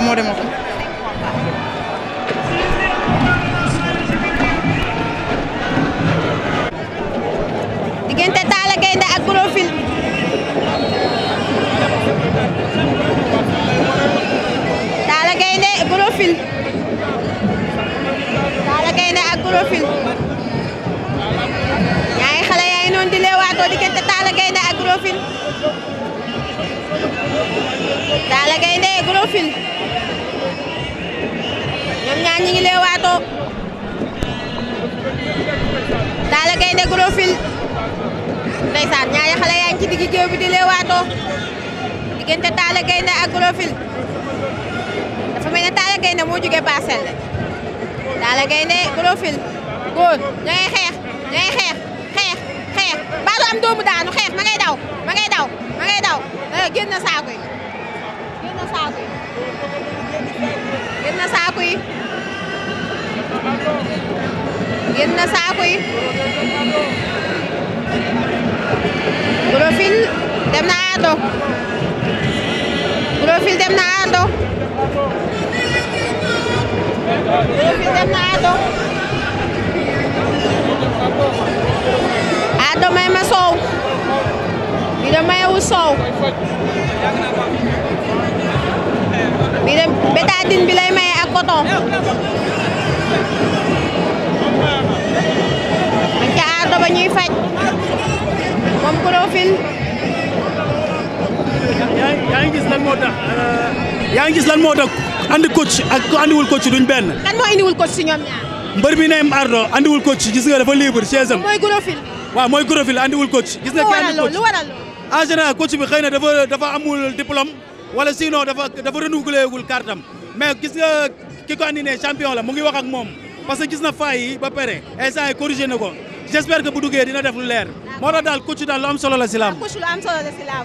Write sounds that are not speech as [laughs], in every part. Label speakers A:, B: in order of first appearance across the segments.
A: moo dem
B: saaku yi génn na saaku yi génn na saaku yi profil dem na aando profil dem na aando profil dem na aando aando may ma soow bi de mayewu soow
C: bi de bétadine bi lay maye ak
B: coton man ca ardo ba ñuy faj moom profil yaa ngi gis
C: lan moo tax eh, yaa ngi gis lan moo tax andi coach ak ko andiwul coach duñ benn kan moo andiwul coach si ñoom ñaar mbër bi ne ardo andiwul coach gis nga dafa libre chaise am mooy profil waaw mooy profil andiwul gis nga lu waral
B: loolu
C: en général coach bi xëy na dafa dafa amul diplôme wala sinon dafa dafa renouvelé wul carte am mais gis nga ki ko champion la mu ngi wax ak moom parce que gis na faay yi ba pare instant yi corrigé na ko j'espère que bu dina def lu leer moo tax daal coach daal lu am solo la si laam. Ah,
B: coach lu la si laam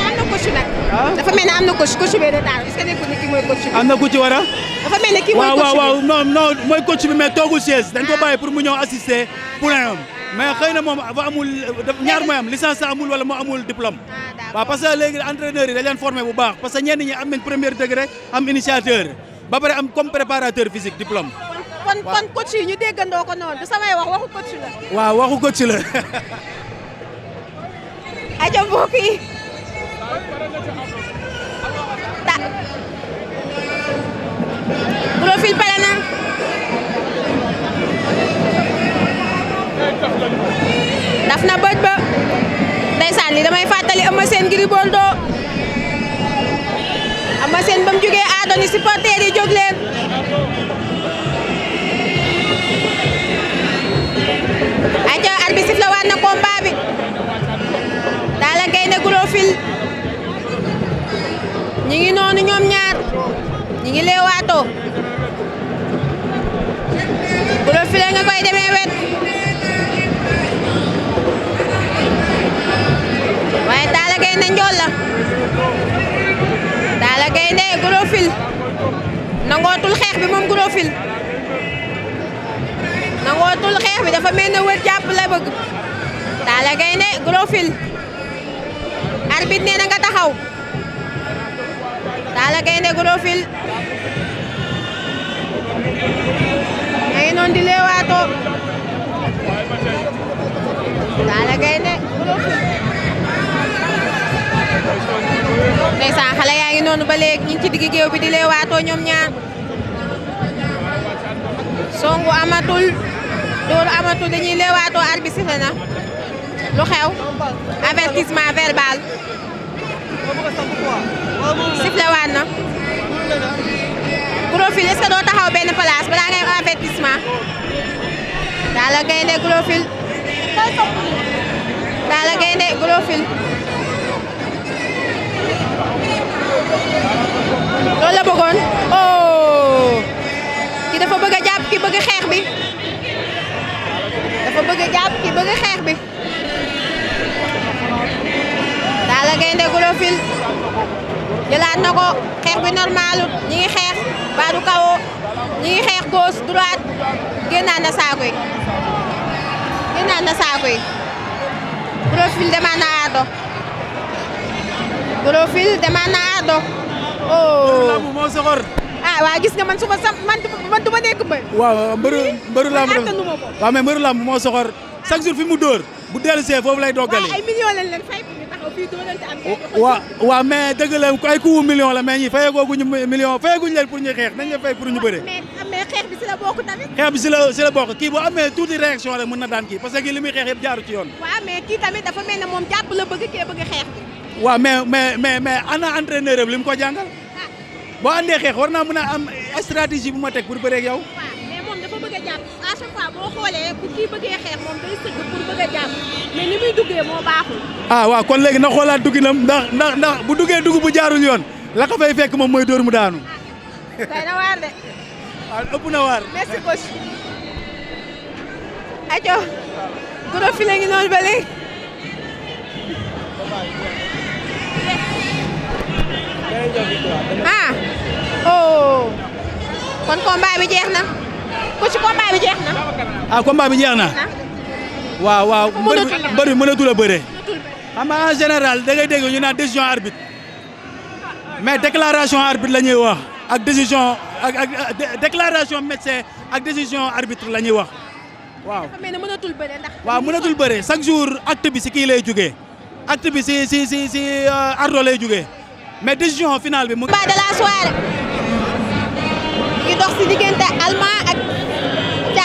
B: coach ah? dafa mel ne am na coach coach na ku ci war a. dafa mel ne kii mooy coach bi waaw
C: waaw non mooy coach bi mais chaise dañ ko ah. bàyyi pour mu ñëw assister point am mais xëy na moom dafa amul ñaar mooy am amul wala moo amul diplôme. Ah, waaw parce que léegi entraîneurs yi dañ leen bu baax parce que ñenn ñi am nañ premier degré am initiateur ba pare am comme préparateur physique diplôme.
B: kon kon coach yi ñu déggandoo ko noonu du samay wax waxu coach la.
C: waaw waxu coach la.
B: [laughs] aja mbokk ta profil pare na daf na bëj ba ndeysaan li damay fàttali Eumeu Sène Gris Bordeaux Eumeu Sène ba mu jógee Adoni supporter yi jóg leen aca arbitre bi sifflé waat na combat bi daala ngay ne Gros ñi ngi noonu ñoom ñaar ñi ngi leewaatoo bu nga koy demee wet waaye Talla Gaindé njool la Talla Gaindé Gros File nangootul xeex bi moom Gros File nangootul xeex bi dafa mel ne wër jàpp la bëgg Talla Gaindé Gros File nee na nga taxaw Talla Gaindé Gros File ngay noon di leewaato Talla Gaindé Gros File ndeysaan yaa ngi ba léegi ñu ci digg géew bi di leewaato ñoom ñaar songu amatul dóoru amatul dañuy leewaato arbitre bi lu xew avertissement verbal que doo taxaw benn place balaa ngay am avertissement Talla Gaindé Gros File Talla Gaindé Gros File bëggoon oh ki dafa bëgg a jàpp ki bëgg xeex bi dafa bëgg jàpp ki bëgg xeex bi Talla Gaindé Gros File jëlaat na ko xeex bi normalu ñi ngi xeex baa du kawoo ñi ngi xeex gauche droite génnaan na saako yi a na saako yi profil demaat na aado profil demaat na aado oh moo soxor ah waa gis nga man su sam man man du ma nekk waaw mbëru mbëru
C: moo soxor chaque jour fi mu dóor bu dellusee foofu lay doggali ay
B: millions lañ leen waaw
C: waaw mais dëgg la ay kuwu million la mais ñi fayagooguñu million fayaguñu leen pour ñu xeex nañ leen fay pour ñu ah, bëree.
B: Ah, mais xeex bi si
C: la bokk kii bu amee tuuti réaction rek mën na daan kii parce que li muy xeex yëpp jaaru ci yoon.
B: waaw mais kii tamit dafa mel ne moom jàpp la bëgg kee bëgg xeex bi.
C: waaw mais mais mais mais ana entraîneur am li mu ko jàngal. Ah. boo àndee xeex war naa mën a am stratégie bu ma teg pour bëre ak yow.
B: jàpp à chaque fois boo xoolee bu kii bëggee xeex moom day sëgg pour bëgg a jàpp
C: mais ni muy duggee moo baaxul. ah waaw kon léegi na xoolaat dugginam ndax ndax ndax bu duggee dugg bu jaarul yoon la ko fay fekk moom mooy dóor mu daanu.
B: day na de. waaw [laughs] ah, ëpp na ah, oh. kon combat bi jeex ku ci combat bi jeex na.
C: Ah, waaw waaw mbër bi mënatul a bëre. xam nga général da ngay dégg ñu naan décision arbitre mais déclaration arbitre la ñuy wax ak décision ak ak déclaration médecin ak décision arbitre la ñuy wax
B: waaw. dafa mel bëre ndax. waaw mënatul bëre
C: chaque jour acte bi si kii lay jugee acte bi si si si euh, ardo lay jugee mais décision finale bi mu. combat de la soirée.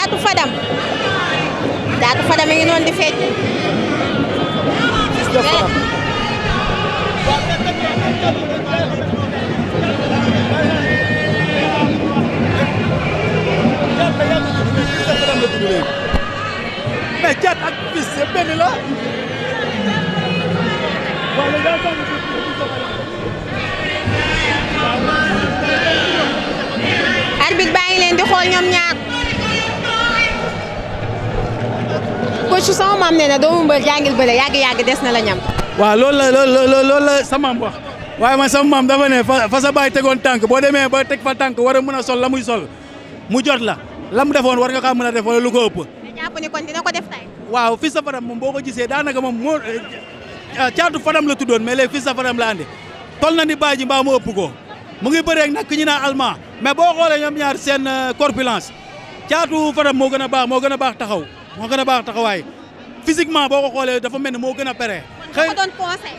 B: Thiatou Fadam Thiatou Fadam mi ngi noonu di fecc
C: mais Thiat ak Fils yëpp benn la.
B: arbitre baa ngi leen di xool ñoom ñaar. coach sama maam nee na doomu mbër jàngil bëre yàgg yàgg des na la ñam.
C: waaw loolu la loolu la sama maam waaye man sama maam dafa ne sa baay tegoon tànk boo demee ba teg fa tànk war a mën a sol la muy sol mu jot la lam defoon war nga kaa mën a def wala lu ko ëpp.
B: mais jàpp ni kon dina ko def tey.
C: moom boo ko gisee daanaka moom moo eh, ah, caatu faram la tuddoon mais léegi fii sa faram la andi tol na ni bàyyi mu ëpp ko mu ngi bëreeg nag ñu naan allemand mais boo xoolee ñoom ñaar seen euh, corpulence caatu faram moo gën a baax moo gën a baax taxaw moo gën a baax taxawaay physiquement boo ko xoolee dafa mel ni moo gën a pere. xëy
B: doon conseil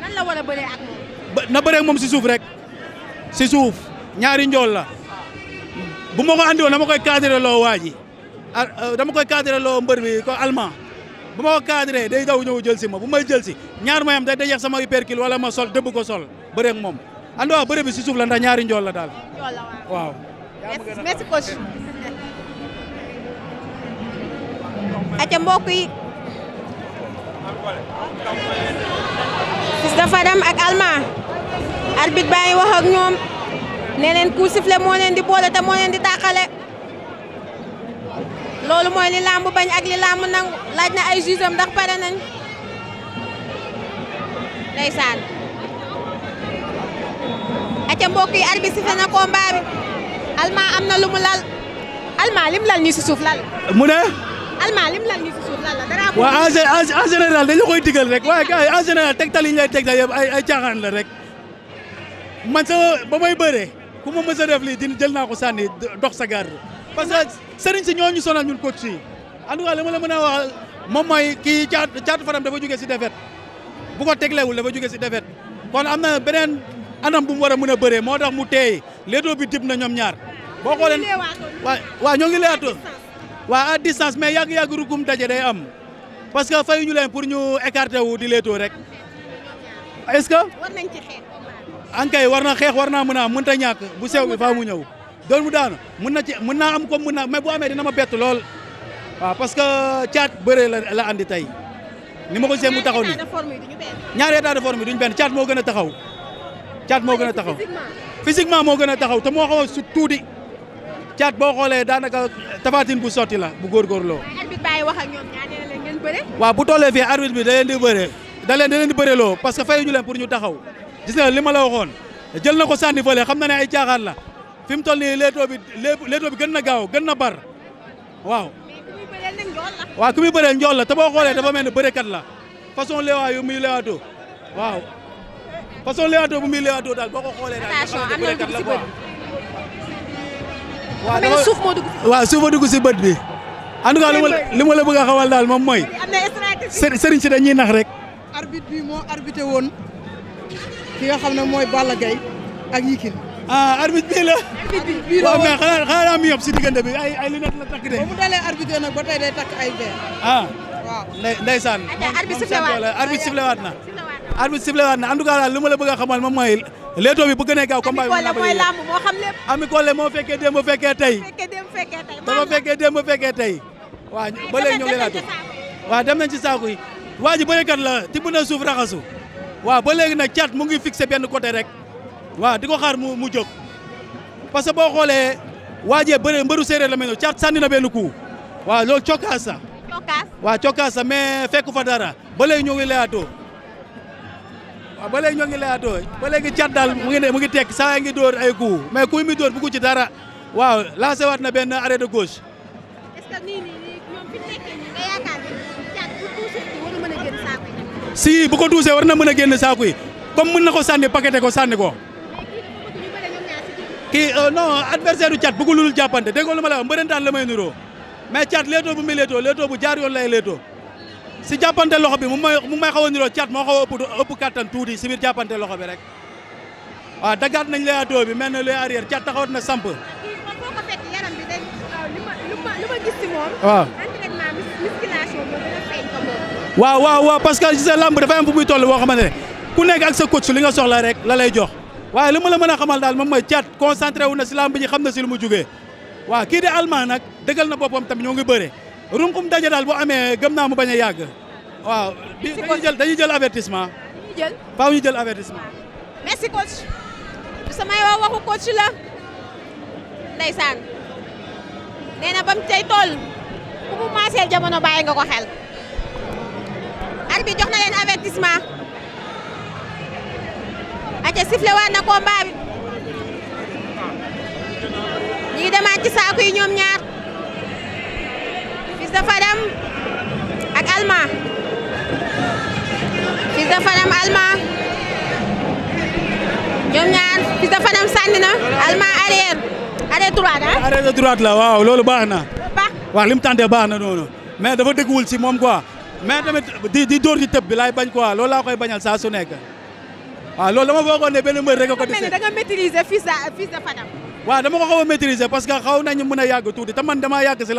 B: nan la
C: na bëree moom si suuf rek si suuf ñaari njool la bu ma ko andi woon dama koy cadré loo waa ji euh, dama koy cadré loo mbër ko allemand bu ma ko cadré day daw ñëw jël si ma bu may jël si ñaar mooy am day dajeex sama hypercule wala ma sol dëbb ko sol bëree moom andiwaat bëre bi si suuf la ndax ñaari njool la daal. waaw.
B: [laughs]
C: aca mbokk yi
B: Fils de Fadam ak Alma arbitre baa ngi wax ñoom nee leen coup sifflé moo leen di boole te moo leen di tàqale loolu mooy li làmb bañ ak li nangu laaj na ay juge ndax pare nañ ndeysaan aca mbokk yi arbitre sifflé na combat bi Alma am na lu lal Alma lim lal nii si suuf lal mu ne almaa lim lal nii si général
C: dañu koy digal rek waaye gars yi en général tegtal yi ñu lay tegtal ay caaxaan la rek man sama ba may bëree ku ma mës a lii di jël naa ko sànni dox sa garde parce que sëriñ si ñoo ñu sonal ñun coach yi en tout cas mën a wax moom mooy kii caatu caatu faram dafa jógee si défaite bu ko teglewul dafa jógee si défaite kon am na beneen anam bu mu war a mën a bëree moo tax mu teey léetoo bi dib na ñoom ñaar boo xoolee waaw ñoo ngi leewaatoo waa à distance mais yàgg-yàgg rukum daje day am parce que fayu ñu leen pour ñu écarter wu di leetoo rek est-ce que. war nañ xeex. ankay war na xeex war naa mën a am mënta ñàkk bu sew bi faa mu ñëw. doon mu daan mun na ci mun naa am kom mun naa mais bu amee dina ma bett lool waaw parce que caat bëree la la andi tey ni ma ko gisee mu taxaw nii ñaari état de forme yi duñu benn caat moo gën a taxaw. caat moo gën a taxaw physiquement moo gën a taxaw te moo xaw a su tuuti. caat boo xoolee daanaka tafatin bu sotti la bu góorgóorloo. waaw loo tollee fii arbitre bi da leen di bëree da leen da di bëreloo parce que fayu ñu leen pour ñu taxaw gis nga li ma la waxoon jël na ko sànni xam na ne ay caaxaan la fi mu toll nii leetoo bi gën na gaaw gën na bar waaw. waaw ku muy bëree njool la te boo xoolee dafa mel ni bërekat la façon leewaa yu muy leewaatoo waaw façon leewaatoo bu muy leewaatoo daal boo ko xoolee daal. attention am na lu ci waaw dama suuf moo dugg si. si bët bi. en tout cas li li ma la bëgg a xawal daal moom mooy.
B: sëriñ si dañuy nax
C: rek. arbitre bi moo arbitré woon ki nga xam ne mooy Balla Gaye ak Yékini. ah arbitre bii la. arbitre bii la xanaa xanaa mi yóbbu si diggante bi ay ay lunette la takk de. ba mu
A: dalee arbitré na ba tey day takk ay verre. ah waaw
C: ndey ndeysaan. arbitre siflewaat na arbitre siflewaat na en tout cas ma la bëgg a xamal moom mooy. leetoo bi bu gënee gaaw combat bi mooy moo xam lépp Ami Collé moo fekkee démb fekkee tey dafa fekkee démb fekkee tey waa ba léegi ñoo ngi laatu waaw dem nañ ci saaku yi waa ji la ti bu na suuf raxasu waaw ba léegi nag caat mu ngi fixé benn côté rek waaw di ko xaar mu mu jóg parce que boo xoolee waajee bëre mbëru séeréer la mel caat sànni na benn coup waa loolu cokkaas waa waaw cokkaas sa mais fa dara ba léegi ñoo ngi laatoo waaw ba léegi ñoo ngi leeyaatoo ba léegi cat daal mu ngi ne mu ngi tekk saa ngi dóor ay coup mais coup mi dóor bugg ci dara waaw lancé waat na benn arrêt de gauche. est bu tuusee war na mën a génn ko tuusee war na mën a génn saako yi comme mën na ko sànni paqueté ko sànni ko. kii euh, non adversaire du cat bëggu lulul jàppante dégg nga lu ma la wax mbërëntaan la may nuroo cat léetoo bu muy léetoo léetoo bu jaar yoon lay léetoo si jàppante loxo bi mu may mu may xaw a niroo cat moo xaw a ëpp kàttan tuuti si biir jàppante loxo bi rek waaw daggaat nañ lay bi mel na luy arrière cat taxawat na samp. waaw waaw waaw waaw parce que si sa lamb dafa am bu muy toll boo xamante ne ku nekk ak sa coach li nga soxla rek la lay jox waaye li ma la mën a xamal daal moom mooy cat concentré wu na si lamb ji xam na si lu mu jugee waaw kii di allemand nag dëggal na boppam tamit ñoo ngi bëre. runkum daje daal boo amee gëm naa mu bañ a yàgg waaw. dañuy jël dañuy jël avertissement. jël faaw ñu jël samay
B: wax waxu coach la. ndeysaan nee na ba mu ku mu maaseel jamono bàyyi nga ko xel. arbitre bi jox na leen avertissement. aca sifflé na combat bi. ñu ngi demaat ci ñoom ñaar. Fils de Fadam ñoom ñaar Fils de Fadam sànni na Alma arrière
C: arrière droite la waaw loolu baax na. baax waaw li mu tànnee baax na noonu mais dafa dëgguwul ci moom quoi mais tamit di di di tëb bi laay bañ quoi loolu laa koy bañal saa su nekk waaw loolu dama foogoon ne benn mbër rek. ko dese da
A: nga
B: maîtriser Fils de Fils de dama
C: ko xaw a maîtriser parce que xaw nañu mën a yàgg tuuti te man damaa yàgg si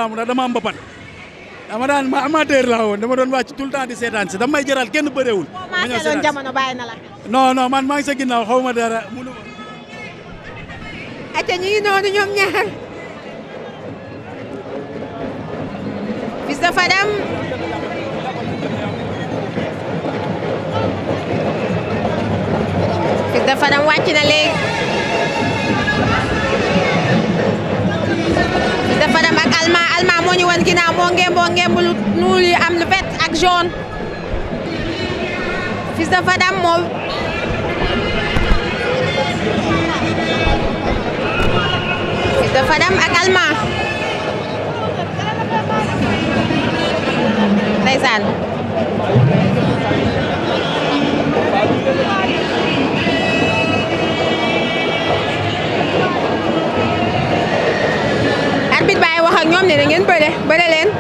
C: dama daan ma amateur laa woon dama doon wàcc tout le temps di seetaan si damay jaral kenn bëreewul. ma ñëw seetaan jamono bàyyi na la. non non man maa ngi sa ginnaaw xaw dara munu.
B: acca ñu noonu ñoom ñaar. Fils Fadam. Fils Fadam wàcc na léegi. moo dem ak Alma Alma moo ñu wan ak ñoom ne na ngeen bëre bëre leen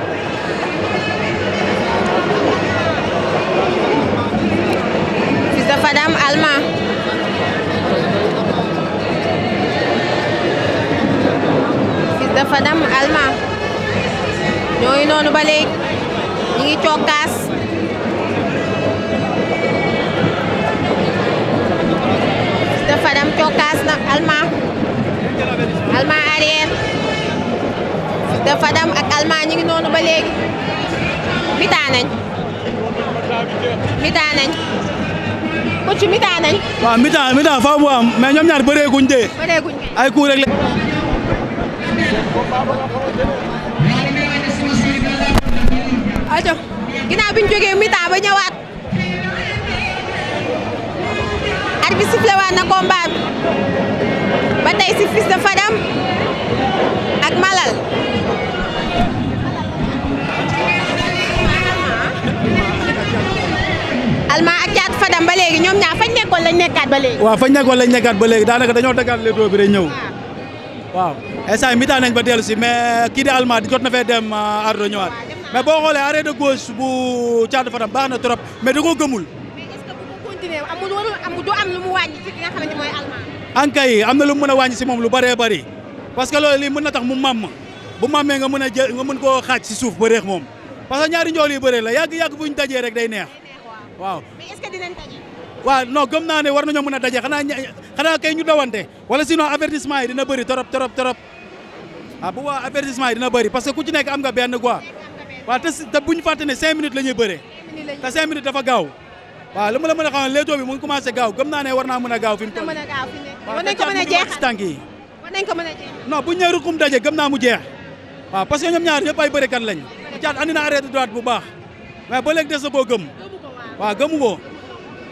C: waaw mi-temps mi-temps faaw mu am mais ñoom ñaar bëree guñ dee. bëree guñ ay coup rek la.
B: aco ginnaaw bi ñu jógee mi-temps ba ñëwaat. arbitre bi sifflé waat na combat bi ba tey si Fils de Fadam ak Malal. Alma ak Thiatou Fadam ba léegi
C: ñoom ñaar fañ nekkoon
B: lañ nekkaat ba a
C: waaw fañ nekkoon lañ nekkaat ba léegi daanaka dañoo daggaat léegi bi rek ñëw. waaw instant mi taa nañ ba dellu si mais kii di Alma di jot na fee dem ah, ardo ñëwaat mais boo xoolee arrêt de gauche bu Thiatou Fadam baax na trop mais da koo gëmul.
B: mais am
C: ankay am na lu mun a wàññi si moom lu baree bëri parce que loolu lii mën na tax mu màmm bu màmmee nga mën a jël nga mën koo xaaj si suuf ba réex moom parce ñaari njool yu bëree la yàgg yàgg bu ñu rek day neex waaw.
B: mais est-ce que
C: waaw non gëm naa ne war nañoo mën a daje xanaa xanaa kay ñu dawante wala sinon avertissement yi dina bëri trop trop trop ah bu waa avertissement yi na bari parce que ku ci nekk am nga benn quoi waaw te si te bu ñu fàtte ne cinq minutes la ñuy bëree te cinq dafa gaaw waa li ma la mën a xamal léetoo bi mu ngi commencé gaaw gëm naa ne war naa mën a gaaw fi mu toll.
B: war nañ ko mën a jeexal tànk
C: yi. ko mën daje gëm naa mu jeex waa parce que ñoom ñaar ñëpp ay bërekat lañ caat andi na arrêté droite bu baax mais ba léegi des na koo gëm waaw gëmu ko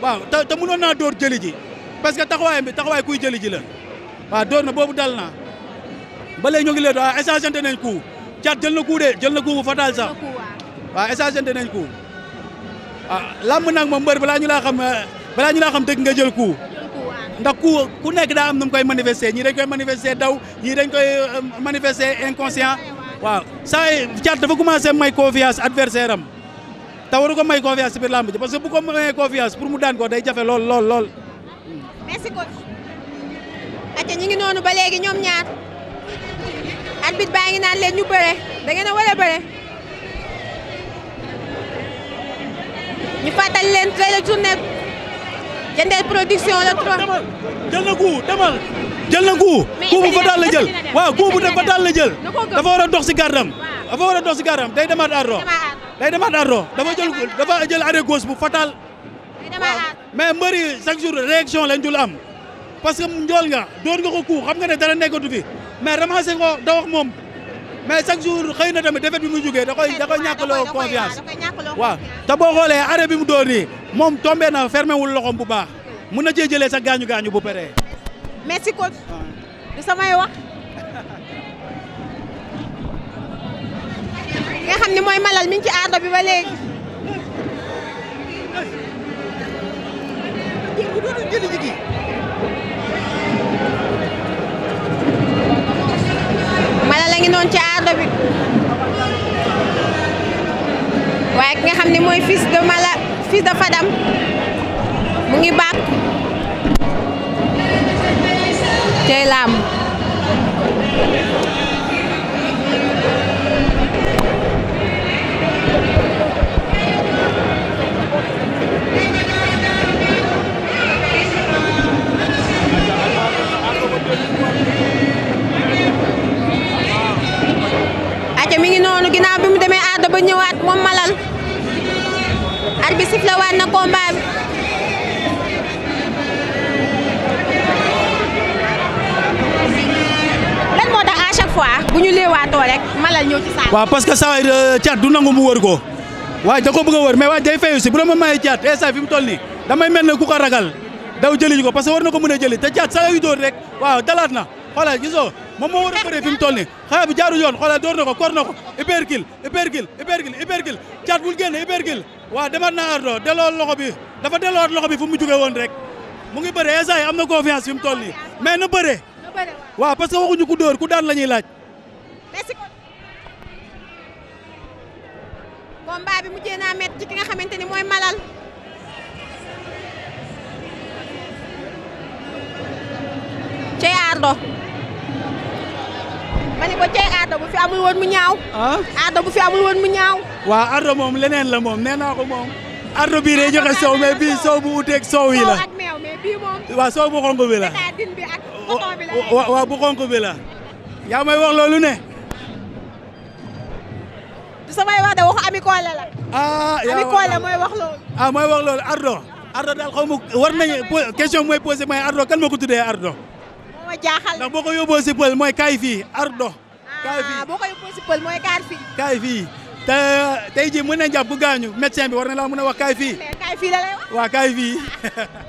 C: waa te te mënoon naa dóor jëli ji parce que taxawaayam bi taxawaay kuy jëli ji la waa dóor na boobu dal na ba léegi ñu ngi leen waaw échangeante nañ ko cat jël na ko de jël na ko bu fatal sax waaw échangeante nañ ko ah làmb nag moom mbër balaa ñu laa xam balaa ñu laa xam dëgg nga jël ko ndax ku ku nekk daa am nu mu koy manifester ñii dañ koy manifester daw ñii dañ koy euh, manifester inconscient waaw saa cat dafa commencé may confiance adversaire am. te waru ko may confiance ci biir làmb bu ko mayee confiance pour mu daan ko day jafe lool lool lool.
B: merci ñi ngi noonu ba léegi ñoom ñaar. arbitre baa ngi naan leen ñu bëre da ngeen a ñu fàttali leen tey journée Diender production la trop.
C: jël na gu demal. jël na gu gu fa daal la jël waaw gu bu fa daal la jël. dafa war a dox si gardam dafa war a dox si gardam day demaat aar day demaat ardo dafa jël dafa jël arrêt gauche bu fatal. mais mbëri chaque jour réaction lañ dul am. parce que njool nga doon nga ko ku xam nga ne dara nekkatu fi mais ramassé ko da wax moom mais chaque jour xëy na tamit défaite bi mu jugee daxoy koy da koy ñàkkaloo confiance. waaw te boo xoolee arrêt bi mu doon nii moom tombé na fermé wul loxoom bu baax mun na cee jëlee sax gaañu gaañu bu paree.
B: merci coach du samay nga xam ne mooy malal mi a ngi noonu ci aado bi waaye ki nga xam ne mooy fils de mala mu ngi bàkk bi sifflé waat na combat bi lan moo tax à chaque fois bu ñu léewaatoo rek malal ñëw ci
C: waaw parce que saa euh, cat du nangu mu wër ko waaye da ko bëgg a wër mais waaye day fayu si bu la ma mayee cat instant eh, fi mu toll nii damay mel ne ku ko ragal daw jëliñu ko parce que war na ko mën a jëli te cat saa yu dóor rek waaw dalaat na xoolal gisoo. moom moo war a bëree fi mu toll nii xale bi jaarul yoon xoolal na ko kor na ko hypergil hypergil hypergil hypergil caat bul génn hypergil waaw demaat na ardo delloo loxo bi dafa delloo loxo bi fu mu jógee woon rek mu ngi bëree am na confiance fi mu toll nii mais na bëree waaw parce que waxuñu ku dóor ku daan la ñuy laaj
B: combat bi mujjee xamante ni mooy malal ma ni cey aada bu fi amul woon mu ñaaw.
C: ah aada bu fi amul woon mu ñaaw. waaw aada moom leneen la moom nee naa ko moom. ardo bii day joxe sow mais bii sow bu uteeg sow yi la ak
B: meew sow bu xonk bi la din
C: bi yaa may wax loolu ne.
B: du samay wax de waxu Ami Collé la.
C: ah Ami Collé mooy wax ardo. Ah, ardo daal xaw ma war nañu question mooy posé mooy ardo kan ma ko ardo. moo jaaxal ndax boo ko yóbboo mooy kaay fii ardo kaay fii ah, boo ko
B: yóbboo si pël mooy kaar fii
C: kaay fii te tey jii mën na jàpp bu gaañu bi war laa mën a wax kaay fii kaay fii la lay wax waaw [laughs]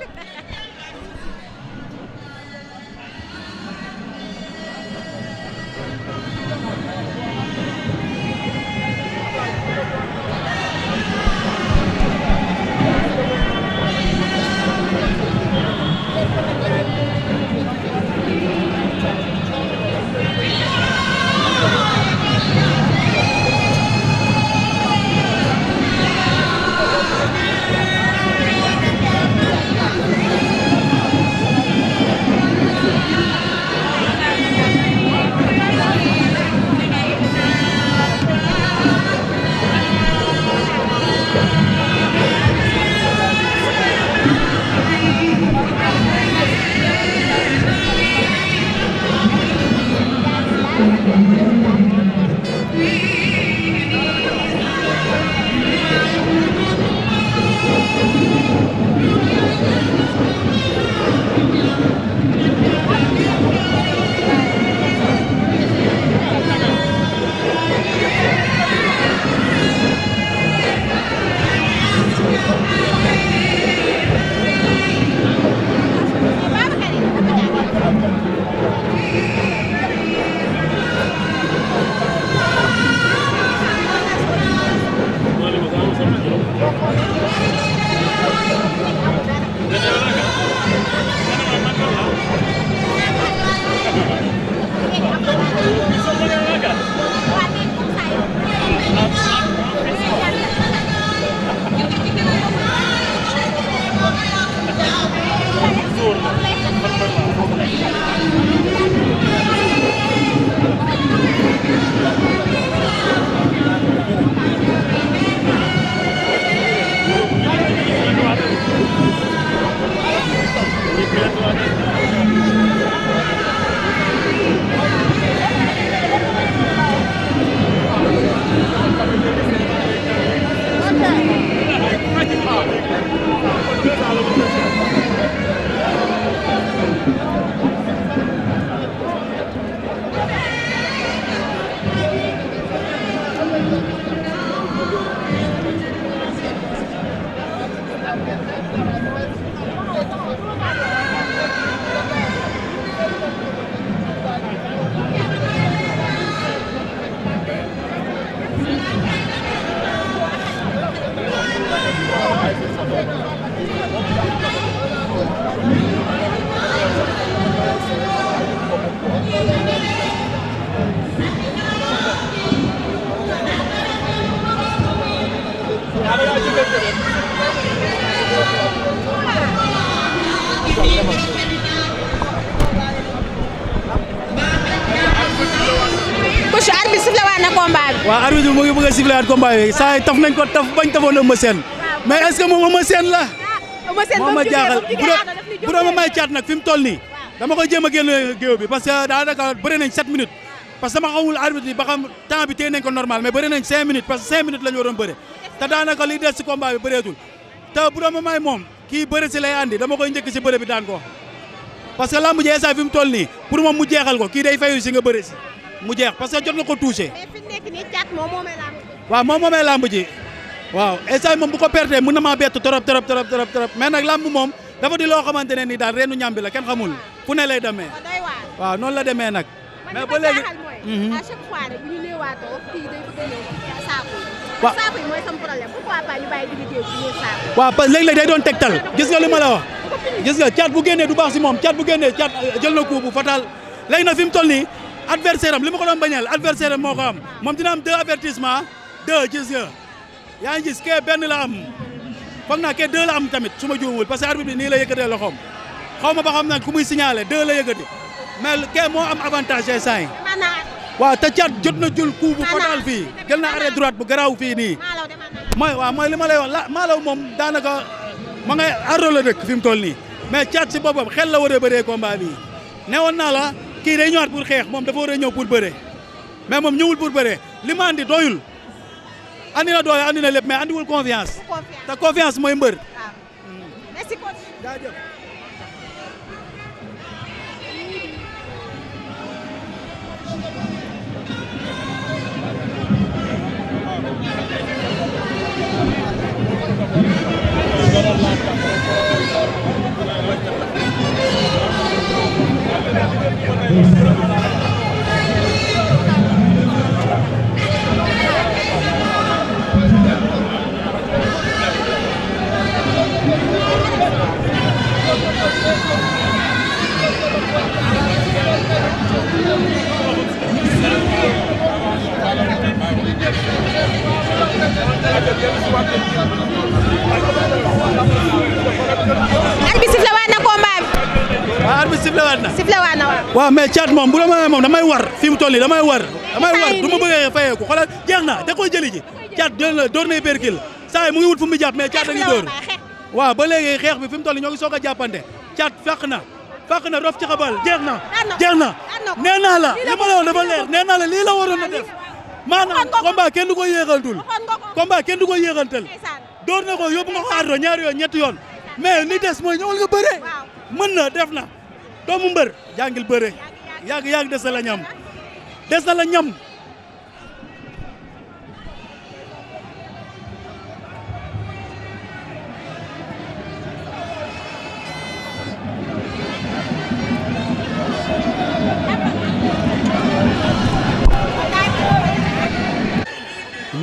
C: sifflé waat combat yooyu saa yi taf nañ ko taf bañ tafoon Eumeu Sène mais moom Eumeu la
B: ah, moom ma jaaxal bu ma may
C: caat nag fi mu toll dama koy jéem a génn géew bi parce que daanaka bëri nañ 7 minutes parce que dama xamul arbitre bi ba xam ko normal mais bëri nañ 5 minutes parce que 5 la ñu waroon bëre te daanaka li des ci bi bëreetul te bu doon ma may moom kii bëre ci lay andi dama koy njëkk ci bëre bi daan ko parce que lamb ji instant
B: fi
C: waaw moom moomee làmb ji waaw essage moom bu ko pertee na maa bett trop trop trop trop trop mais nag làmb moom dafa di loo xamante ne nii daal reenu ñambi la kenn xamul fu ne lay demee
B: oh,
C: waaw noonu la demee nag mais ba léegi mhm. à
B: chaque day bëgg a ñëw doon tegtal gis nga li ma wax
C: gis nga caat bu génnee du baax si moom caat bu génnee caat euh, jël na coup bu fatal léegi na fi mu toll nii adversaire am ma ko doon bañal adversaire moo ko am ah. moom dina am deux avertissement deux gis nga yaa ngi gis kee benn la am foog naa kee deux la am tamit su ma juumul parce que arbitre bi nii la yëkkatee loxoom xaw ma ba xam nag ku muy signalé deux la yëkkati mais kee moo am avantage des saa yi. te cat jot na jul coup bu fatal fii jël na arrêt droite bu garaaw fii nii. mooy waaw mooy li ma lay wax la Malaw moom daanaka ma ngay arro la dëkk fi mu toll nii mais cat si boppam xel la war a bëree combat bi ne woon naa la kii day ñëwaat pour xeex moom dafa war a ñëw pour bëree mais moom ñëwul pour bëree li ma andi doyul. andi na doole andi na lépp mais andiwul confiance. te confiance mooy mbër.
A: Mm. merci
C: arbitre sifflé waat na combat bi. waaw arbitre sifflé waat na. caat moom bu la mënee moom damay war fi mu toll nii damay war. damay war du ma bëggee fayee ko xoolal jeex na da jëli ji. caat jël na door na hypercule saa mu ngi wut fu mu jàpp mais caat dañuy door. waaw ba léegi xeex bi fi mu toll nii ñoo ngi soog a jàppante caat fekk na. fàq na rof ci xabal jeex na jeex na nee naa la li ma lii la waroon a def maanaam combat kenn du ko yéexantul combat kenn du ko yéexantal door na ko yóbbu nga ko ardo ñaari yoon ñetti yoon mais li des mooy ñëwal nga bëre mën na def na doomu mbër jàngil bëre yàgg yàgg des na la ñam des na la ñam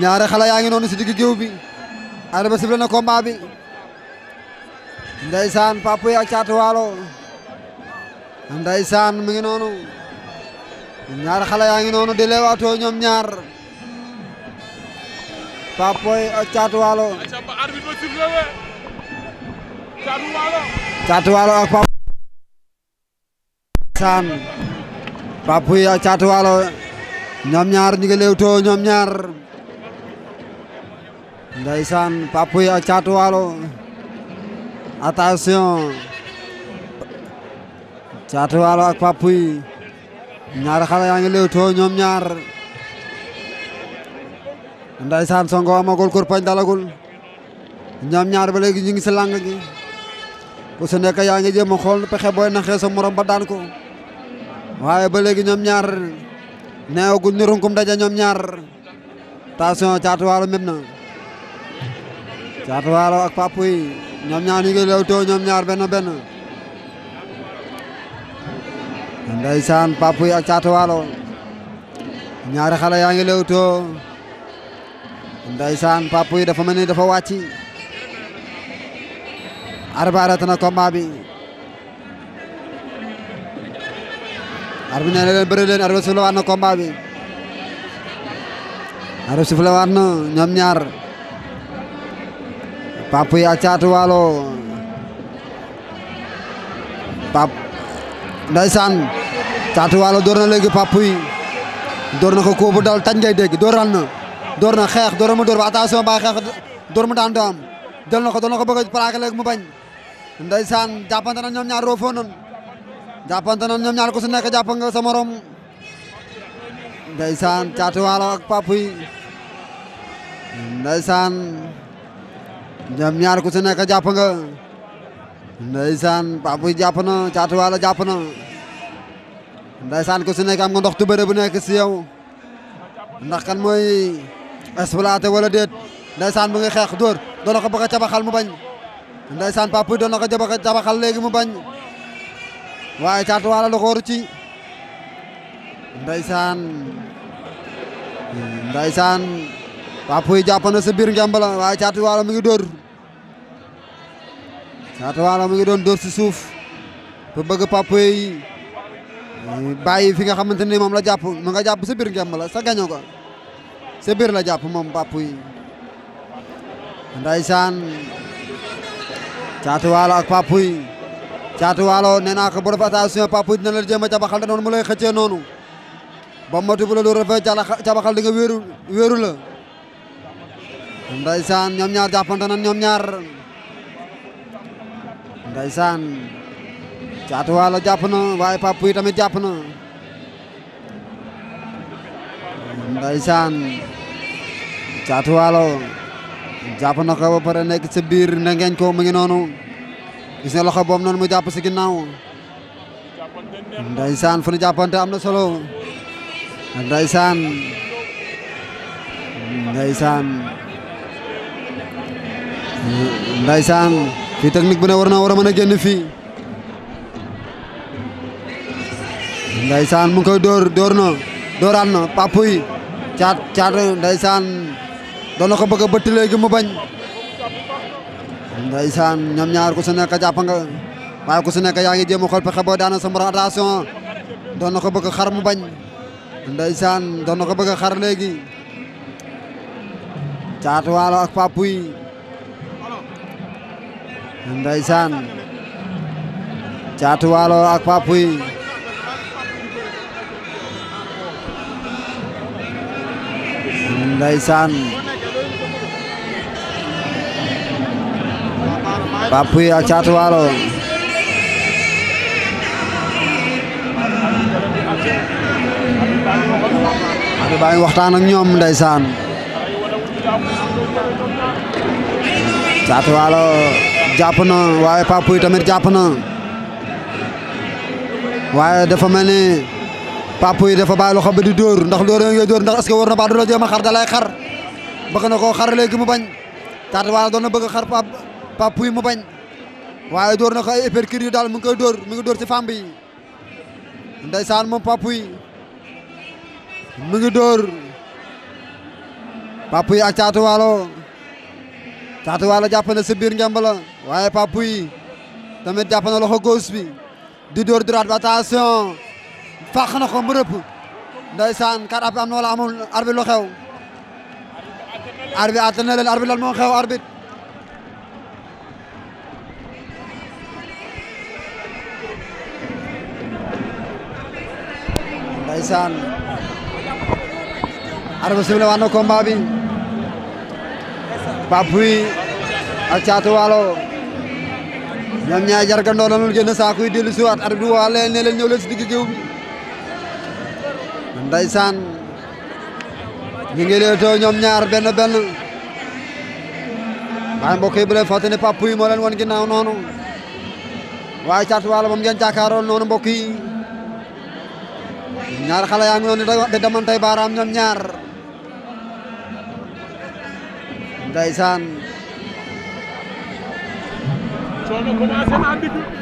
D: ñaari xale yaa ngi noonu si digg géew bi arbitre bi sifflé na combat bi ndeysaan Pape Pouye ak Thiatou Walo ndeysaan mi ngi noonu ñaari xale yaa ngi noonu di leewaatoo ñoom ñaar Pape Pouye ak Thiatou Walo Thiatou Walo ak Pape saan Pape ñaar ñu ngi leewtoo ñoom ñaar ndeysaan papuy ak caatu waalo attention caatu waalo ak papuy ñaari xale yaa ngi lewtoo ñoom ñaar ndeysaan songo amagul kurpañ dalagul ñoom ñaar ba léegi ñu ngi si làng gi ku si nekk yaa ngi jéem a xool pexe booy naxee sa morom ba daan ko waaye ba léegi ñoom ñaar neewagul ñu runkum daje ñoom ñaar attention caatu waalo méb na Caatu Waalo ak Pape Pouye ñoom ñaar ñu ngi lewtoo ñoom ñaar benn benn ndeysaan Pape Pouye ak Caatu Waalo ñaari xale yaa ngi lewtoo ndeysaan Pape Pouye dafa mel ni dafa wàcc arbaarata na combat bi arbi nee na leen bëri leen arbi sufla waat na combat bi arbi sufla waat na ñoom ñaar Pape Yah Thiatou Walo Pape ndeysaan Walo door na léegi Pape door na ko koobu dal tañ ngay dégg dooral na door na xeex door na mu door ba attention ba xeex door mu daan do am na ko doon na ko bëgg a plaqué léegi mu bañ ndeysaan jàppante na ñoom ñaar roofoo nan jàppante na ñoom ñaar ku si nekk jàpp nga sa morom ak Pape yi ndeysaan ñoom ñaar ku si nekk jàpp nga ndeysaan Pape jàpp na Caatu Waalo jàpp na ndeysaan ku si nekk am nga ndox tubëre bu nekk si yow ndax kan mooy exploité wala déet ndeysaan bu ngi xeex dóor doon na ko bëgg a mu bañ ndeysaan Pape doon na ko bëgg a cabaxal léegi mu bañ waaye Caatu Waalo la ko waru ci ndeysaan ndeysaan waa Pouye jàpp na sa biir ngemb la waaye Caatu Waalo mi ngi dóor Caatu Waalo mi ngi doon dóor si suuf bu eh, fi nga xamante ni moom la jàpp mu nga jàpp sa biir ngemb sa gaño ko sa la jàpp moom Pape yi ndaysaan Caatu Waalo ak Pape yi Waalo nee naa ko bu def attention dina la jéem a jabaxal da noonu mu lay xëccee noonu ba matu bu la dóor dafay jabaxal di nga wéeru la ndeysaan ñoom ñaar jàppante nañ ñoom ñaar ndeysaan caatu waalo jàpp na waaye Pape Pouye tamit jàpp na ndeysaan caatu waalo jàpp na ko pare nekk sa biir ndengeeñ ko mu ngi noonu gis nga loxo boobu noonu mu jàpp si ginnaaw ndeysaan fu ñu jàppante am na solo ndeysaan ndeysaan ndaysaan fii technique bu ne war na war a mën a génn fii ndaysaan mu ngi koy dóor dóor na dóoraat na papu yi caat caat ndaysaan doon na ko bëgg a bëtt léegi mu bañ ndaysaan ñoom ñaar ku si nekk jàpp nga waaye ku si nekk yaa ngi jéem a xool pexe boo daana sa morom attention doon na ko bëgg a xar mu bañ ndaysaan doon na ko bëgg a xar léegi caat waalo ak papu ndeysaan Caatu caatuwalo ak Papuy ndeysaan Papuy ak Caatu Waalo Adu baa waxtaan ak ñoom ndeysaan Caatu Waalo jàpp na waaye Papuy tamit jàpp na waaye dafa mel ni Papuy dafa bàyyi loxo ba di dóor ndax dóor yooyu dóor ndax est-ce que war na baa doon jéem a xar da lay xar bëgg na ko xar léegi mu bañ taata waaye doon na bëgg a xar mu bañ waaye dóor na ko ay uppercut daal mu ngi koy dóor mu ngi dóor ci fàmb yi ndeysaan moom Papuy mu ngi dóor Papuy ak Waalo Caatu Waalo jàpp na si biir ngemb la waaye tamit jàpp na loxo gauche bi di dóor droite ba na ko mu rëpp ndeysaan kat ab am na wala amul arbitre lu xew arbitre àtte na leen arbitre lan moo xew arbitre ndeysaan arbitre sifle waat na combat Papouy ak ñoom ñaar jargandoo na loolu génn saako yi dellu si waat arbitre bi waa leen ne leen ñëw leen si digg géew bi ñoom ñaar benn benn waaye mbokk yi bu leen fàtte ne Papouy moo leen wan ginnaaw noonu waaye Caatu Waalo moom ngeen jàkkaaroon noonu mbokk yi ñaar xale yaa ngi noonu di damantay baaraam ñoom ñaar ndeysaan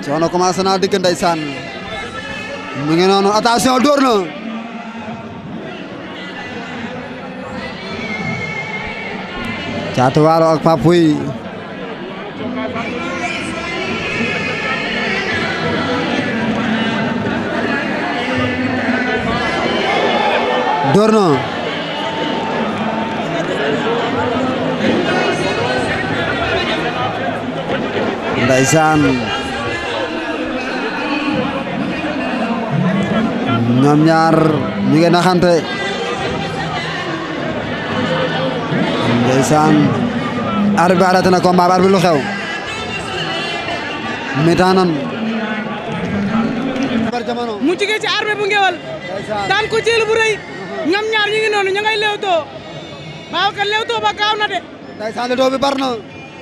D: coono commencé naa dikk ndeysaan mu ngi noonu attention dóor na Caatu Papuy dóor ndeysaan ñoom ñaar ñu ngi naxante ndeysaan arbitre bi arrêté na combat arbitre bi lu xew
A: mu jugee ci armée bu ngewal daan ko jël bu rëy ñaar ñu ngi noonu ña ngay leewtoo baaw ka leewtoo ba gaaw na de